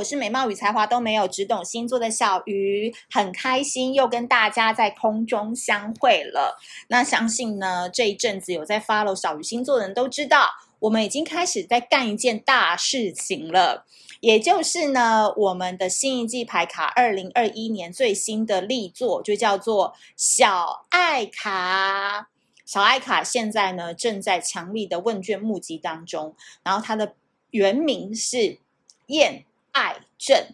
我是美貌與才華都沒有，只懂星座的小瑜，很開心又跟大家在空中相會了。那相信呢，這一陣子有在 follow 小瑜星座的人都知道，我們已經開始在幹一件大事情了，也就是呢，我們的新一季牌卡，二零二一年最新的力作，就叫做小愛卡。小愛卡現在呢，正在強力的問卷募集當中，然後它的原名是厭。愛症，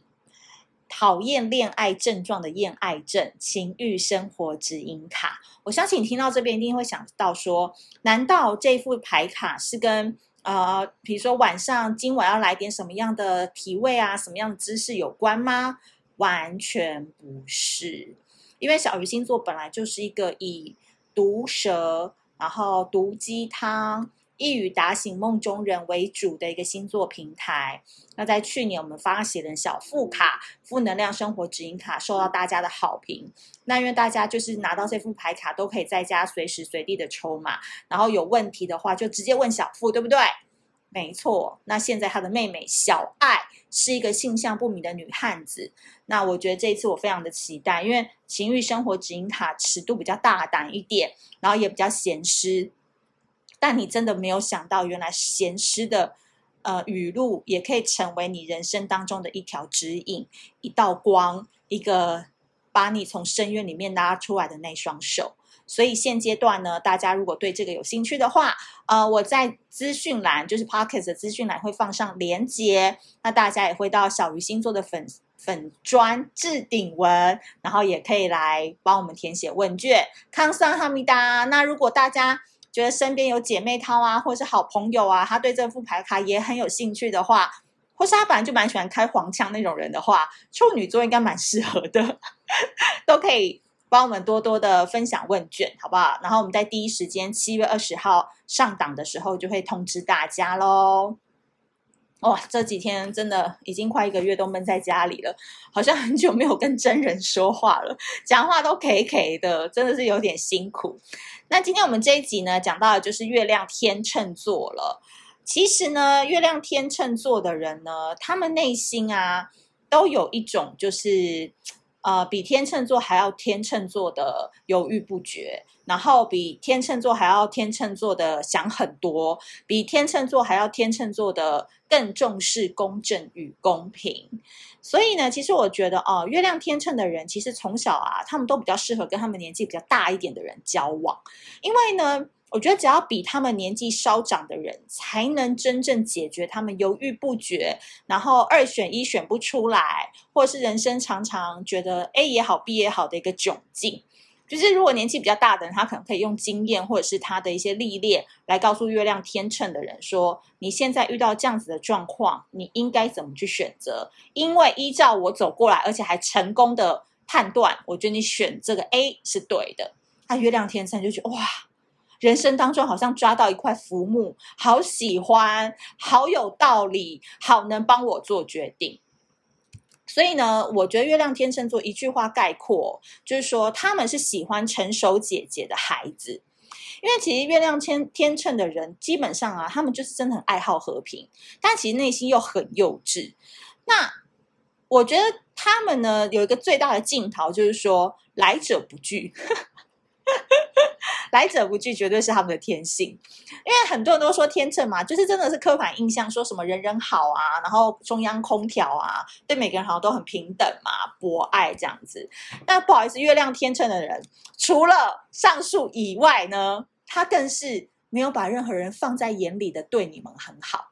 討厭戀愛症狀的厭愛症，情欲生活指引卡。我相信你聽到這邊一定會想到說，難道這副牌卡是跟呃，比如說晚上今晚要來點什麼樣的體位啊，什麼樣的姿勢有關嗎？完全不是，因為小瑜星座本來就是一個以毒舌，然後毒雞湯。一語打醒夢中人為主的一個星座平台。那在去年，我們發行的小負卡、負能量生活指引卡受到大家的好評。那因為大家就是拿到這副牌卡，都可以在家隨時隨地的抽嘛。然後有問題的話，就直接問小負，對不對？沒錯。那現在他的妹妹小愛是一個性向不明的女漢子。那我覺得這一次我非常的期待，因為情慾生活指引卡尺度比較大膽一點，然後也比較鹹濕。但你真的沒有想到，原來閒師的，呃，語錄也可以成為你人生當中的一條指引，一道光，一個把你從深淵裡面拉出來的那雙手。所以現階段呢，大家如果對這個有興趣的話，呃，我在資訊欄，就是 Podcast 的資訊欄會放上連結，那大家也會到小瑜星座的粉粉專置頂文，然後也可以來幫我們填寫問卷。康桑哈密達，那如果大家。覺得身邊有姐妹淘啊，或者是好朋友啊，她對這副牌卡也很有興趣的話，或是她本來就蠻喜歡開黃腔那種人的話，處女座應該蠻適合的， 都可以幫我們多多的分享問卷，好不好？然後我們在第一時間七月二十號上檔的時候，就會通知大家嘍。哇，這幾天真的已經快一個月都悶在家裡了，好像很久沒有跟真人說話了，講話都 KK 的，真的是有點辛苦。那今天我們這一集呢，講到的就是月亮天秤座了。其實呢，月亮天秤座的人呢，他們內心啊，都有一種就是呃，比天秤座還要天秤座的猶豫不決。然後比天秤座還要天秤座的想很多，比天秤座還要天秤座的更重視公正與公平。所以呢，其實我覺得哦，月亮天秤的人其實從小啊，他們都比較適合跟他們年紀比較大一點的人交往，因為呢，我覺得只要比他們年紀稍長的人，才能真正解決他們猶豫不決，然後二選一選不出來，或是人生常常覺得 A 也好，B 也好的一個窘境。就是如果年紀比較大的人，他可能可以用經驗或者是他的一些歷練，來告訴月亮天秤的人說：“你現在遇到這樣子的狀況，你應該怎麼去選擇？因為依照我走過來，而且還成功的判斷，我覺得你選這個 A 是對的。”他月亮天秤就覺得：“哇，人生當中好像抓到一塊浮木，好喜歡，好有道理，好能幫我做決定。”所以呢，我覺得月亮天秤座一句話概括，就是說他們是喜歡成熟姐姐的孩子，因為其實月亮天天秤的人，基本上啊，他們就是真的很愛好和平，但其實內心又很幼稚。那我覺得他們呢，有一個最大的鏡頭，就是說來者不拒。 來者不拒絕對是他們的天性，因為很多人都說天秤嘛，就是真的是刻板印象，說什麼人人好啊，然後中央空調啊，對每個人好像都很平等嘛，博愛這樣子。但不好意思，月亮天秤的人除了上述以外呢，他更是沒有把任何人放在眼裡的，對你們很好。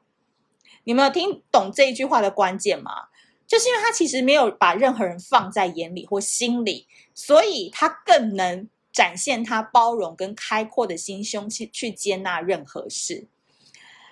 你們有聽懂這一句話的關鍵嗎？就是因為他其實沒有把任何人放在眼裡或心裡，所以他更能。展現他包容跟開闊的心胸去去接納任何事。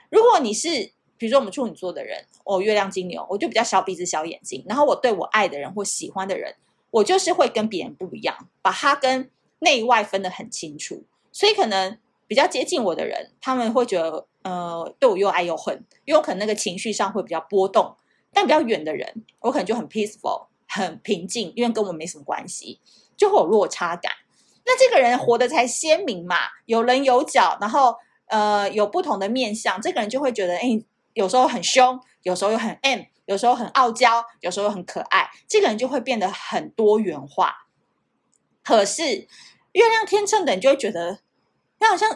如果你是比如說我們處女座的人，哦，月亮金牛，我就比較小鼻子小眼睛，然後我對我愛的人或喜歡的人，我就是會跟別人不一樣，把他跟內外分的很清楚。所以可能比較接近我的人，他們會覺得呃，對我又愛又恨，因為我可能那個情緒上會比較波動。但比較遠的人，我可能就很 peaceful 很平靜，因為跟我沒什麼關係，就會有落差感。那這個人活得才鮮明嘛，有稜有角，然後呃有不同的面相，這個人就會覺得，哎、欸，有時候很兇，有時候又很 m 有時候很傲嬌，有時候很可愛，這個人就會變得很多元化。可是月亮天秤的人就會覺得，他好像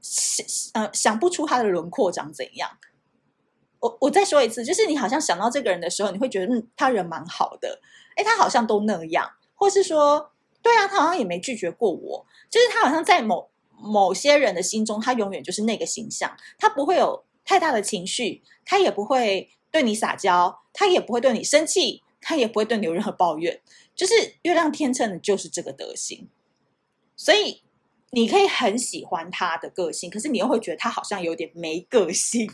想，呃、想不出他的輪廓長怎樣。我我再說一次，就是你好像想到這個人的時候，你會覺得、嗯、他人蠻好的，哎、欸，他好像都那樣，或是說。對啊，他好像也沒拒絕過我。就是他好像在某某些人的心中，他永遠就是那個形象。他不會有太大的情緒，他也不會對你撒嬌，他也不會對你生氣，他也不會對你有任何抱怨。就是月亮天秤的就是這個德行，所以你可以很喜歡他的個性，可是你又會覺得他好像有點沒個性。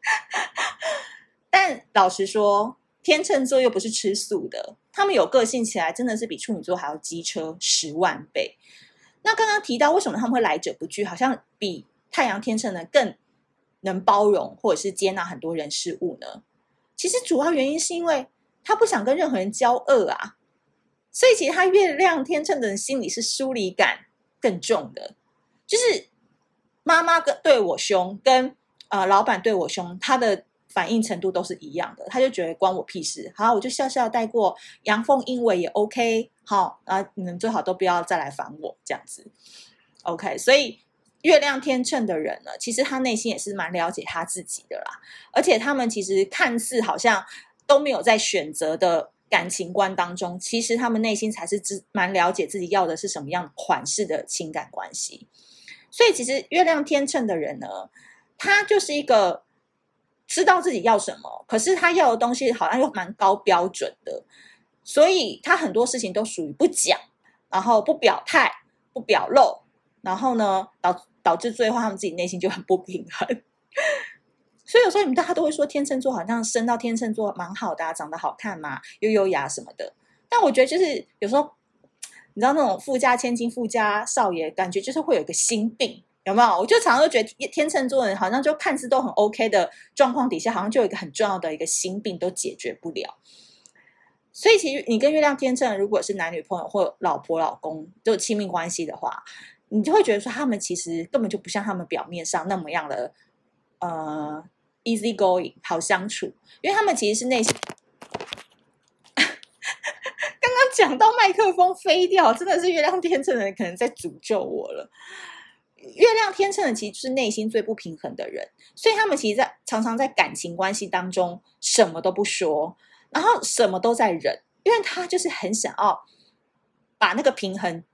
但老實說，天秤座又不是吃素的。他們有個性起來，真的是比處女座還要機車十萬倍。那剛剛提到，為什麼他們會來者不拒？好像比太陽天秤的更能包容，或者是接納很多人事物呢？其實主要原因是因為他不想跟任何人交惡啊。所以其實他月亮天秤的人心裡是疏離感更重的，就是媽媽跟對我兇，跟呃老闆對我兇，他的。反應程度都是一樣的，他就覺得關我屁事。好，我就笑笑帶過，陽奉陰違也 OK 好。好啊，你們最好都不要再來煩我這樣子。OK，所以月亮天秤的人呢，其實他內心也是蠻了解他自己的啦。而且他們其實看似好像都沒有在選擇的感情觀當中，其實他們內心才是知蠻了解自己要的是什麼樣款式的情感關係。所以其實月亮天秤的人呢，他就是一個。知道自己要什麼，可是他要的東西好像又蠻高標準的，所以他很多事情都屬於不講，然後不表態，不表露。然後呢導導致最後他們自己內心就很不平衡。 所以有時候你們大家都會說天秤座好像生到天秤座蠻好的啊，長得好看嘛，又優雅什麼的。但我覺得就是有時候你知道那種富家千金、富家少爺，感覺就是會有一個心病。有沒有？我就常常都覺得天秤座的人好像就看似都很 OK 的狀況底下，好像就有一個很重要的一個心病都解決不了。所以，其實你跟月亮天秤如果是男女朋友或老婆老公，就親密關係的話，你就會覺得說他們其實根本就不像他們表面上那麼樣的呃 easy going 好相處，因為他們其實是那些剛剛講到麥克風飛掉，真的是月亮天秤的人可能在詛咒我了。月亮天秤的其實是內心最不平衡的人，所以他們其實在，在常常在感情關係當中什麼都不說，然後什麼都在忍，因為他就是很想要把那個平衡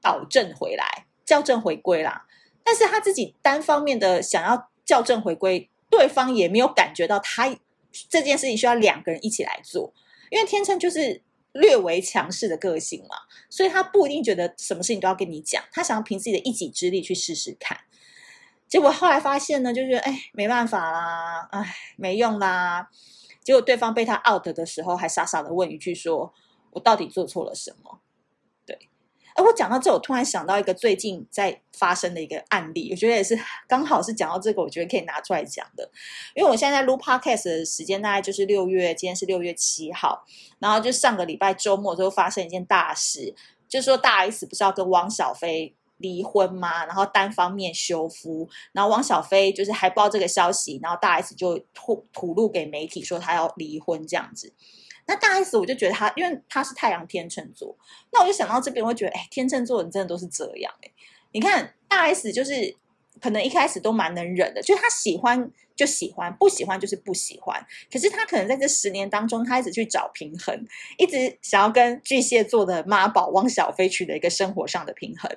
保證回來、校正回歸啦。但是他自己單方面的想要校正回歸，對方也沒有感覺到他這件事情需要兩個人一起來做，因為天秤就是。略微強勢的個性嘛，所以他不一定覺得什麼事情都要跟你講，他想要憑自己的一己之力去試試看。結果後來發現呢，就是哎，沒辦法啦，哎，沒用啦。結果對方被他 out 的時候，還傻傻的問一句說：說我到底做錯了什麼？哎，我講到這，我突然想到一個最近在發生的一個案例，我覺得也是剛好是講到這個，我覺得可以拿出來講的。因為我現在在錄 podcast 的時間大概就是六月，今天是六月七號，然後就上個禮拜周末就發生一件大事，就是、說大 S 不是要跟汪小菲離婚嗎？然後單方面休夫，然後汪小菲就是還報這個消息，然後大 S 就吐吐露給媒體說她要離婚這樣子。那大 S 我就覺得他，因為他是太陽天秤座，那我就想到這邊，我會覺得，哎，天秤座人真的都是這樣。你看大 S 就是可能一開始都蠻能忍的，就他喜歡就喜歡，不喜歡就是不喜歡。可是他可能在這十年當中，開始去找平衡，一直想要跟巨蟹座的媽寶汪小菲取得一個生活上的平衡。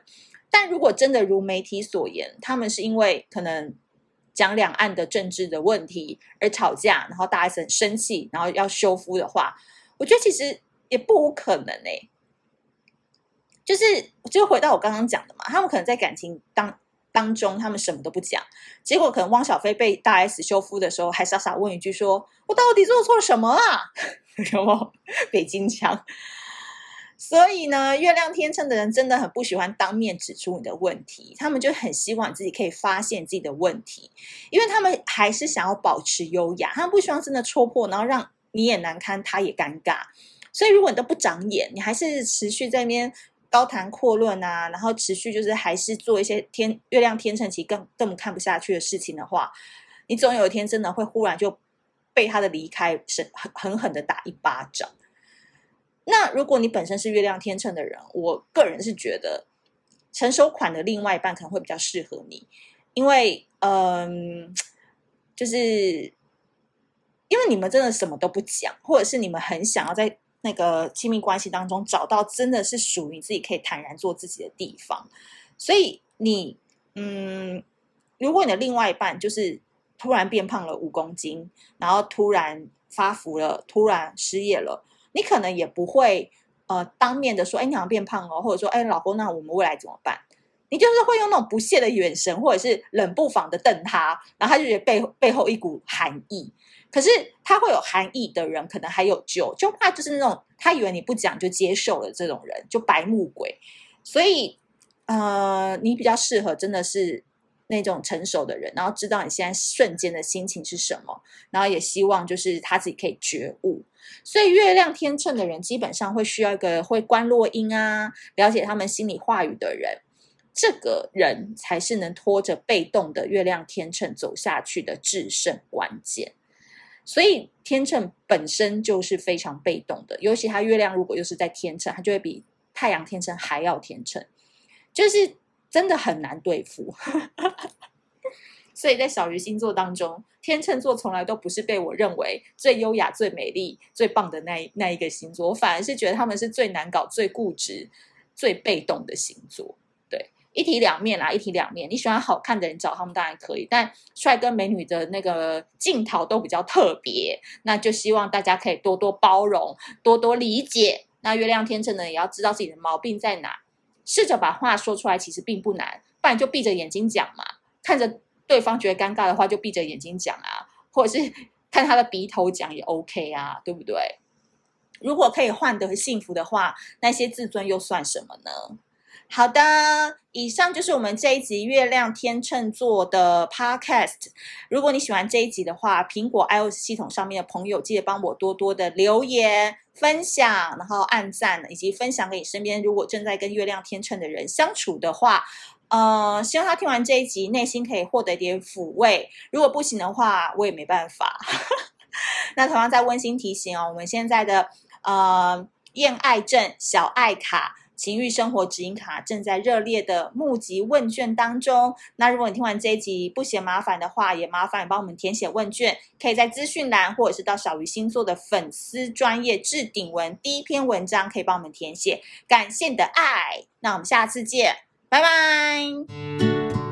但如果真的如媒體所言，他們是因為可能。講兩岸的政治的問題而吵架，然後大 S 很生氣，然後要修復的話，我覺得其實也不無可能哎、欸。就是就回到我剛剛講的嘛，他們可能在感情當當中，他們什麼都不講，結果可能汪小菲被大 S 修復的時候，還傻傻問一句說：“我到底做錯了什麼啊？”什 麼北京腔。所以呢，月亮天秤的人真的很不喜歡當面指出你的問題，他們就很希望你自己可以發現自己的問題，因為他們還是想要保持優雅，他們不希望真的戳破，然後讓你也難堪，他也尷尬。所以如果你都不長眼，你還是持續在那邊高談闊論啊，然後持續就是還是做一些天，月亮天秤其實更根本看不下去的事情的話，你總有一天真的會忽然就被他的離開是狠狠的打一巴掌。那如果你本身是月亮天秤的人，我個人是覺得成熟款的另外一半可能會比較適合你，因為嗯，就是因為你們真的什麼都不講，或者是你們很想要在那個親密關係當中找到真的是屬於你自己可以坦然做自己的地方，所以你嗯，如果你的另外一半就是突然變胖了五公斤，然後突然發福了，突然失業了。你可能也不會，呃，當面的說，哎、欸，你好像變胖哦，或者說，哎、欸，老公，那我們未來怎麼辦？你就是會用那種不屑的眼神，或者是冷不防的瞪他，然後他就覺得背後背後一股寒意。可是他會有寒意的人，可能還有救，就怕就是那種他以為你不講就接受了這種人，就白目鬼。所以，呃，你比較適合真的是那種成熟的人，然後知道你現在瞬間的心情是什麼，然後也希望就是他自己可以覺悟。所以月亮天秤的人基本上會需要一個會觀落陰啊，了解他們心裡話語的人，這個人才是能拖着被動的月亮天秤走下去的制勝關鍵。所以天秤本身就是非常被動的，尤其他月亮如果又是在天秤，他就會比太陽天秤還要天秤，就是真的很難對付。 所以在小瑜星座當中，天秤座從來都不是被我認為最優雅、最美麗、最棒的那那一個星座，我反而是覺得他們是最難搞、最固執、最被動的星座。對，一體兩面啦，一體兩面，你喜歡好看的人找他們當然可以，但帥哥美女的那個鏡頭都比較特別，那就希望大家可以多多包容、多多理解。那月亮天秤呢，也要知道自己的毛病在哪，試着把話說出來，其實並不難，不然就閉着眼睛講嘛，看着。對方覺得尷尬的話，就閉着眼睛講啊，或者是看他的鼻頭講也 OK 啊，對不對？如果可以換得幸福的話，那些自尊又算什麼呢？好的，以上就是我們這一集月亮天秤座的 Podcast。如果你喜歡這一集的話，蘋果 iOS 系統上面的朋友，記得幫我多多的留言、分享，然後按讚，以及分享給你身邊如果正在跟月亮天秤的人相處的話。呃，希望他聽完這一集，內心可以獲得一點撫慰。如果不行的話，我也沒辦法。 那同樣在溫馨提醒哦，我們現在的呃，厭愛症小愛卡情欲生活指引卡正在熱烈的募集問卷當中。那如果你聽完這一集不嫌麻煩的話，也麻煩你幫我們填寫問卷，可以在資訊欄，或者是到小瑜星座的粉絲專頁置頂文第一篇文章，可以幫我們填寫。感謝你的愛，那我們下次見。拜拜。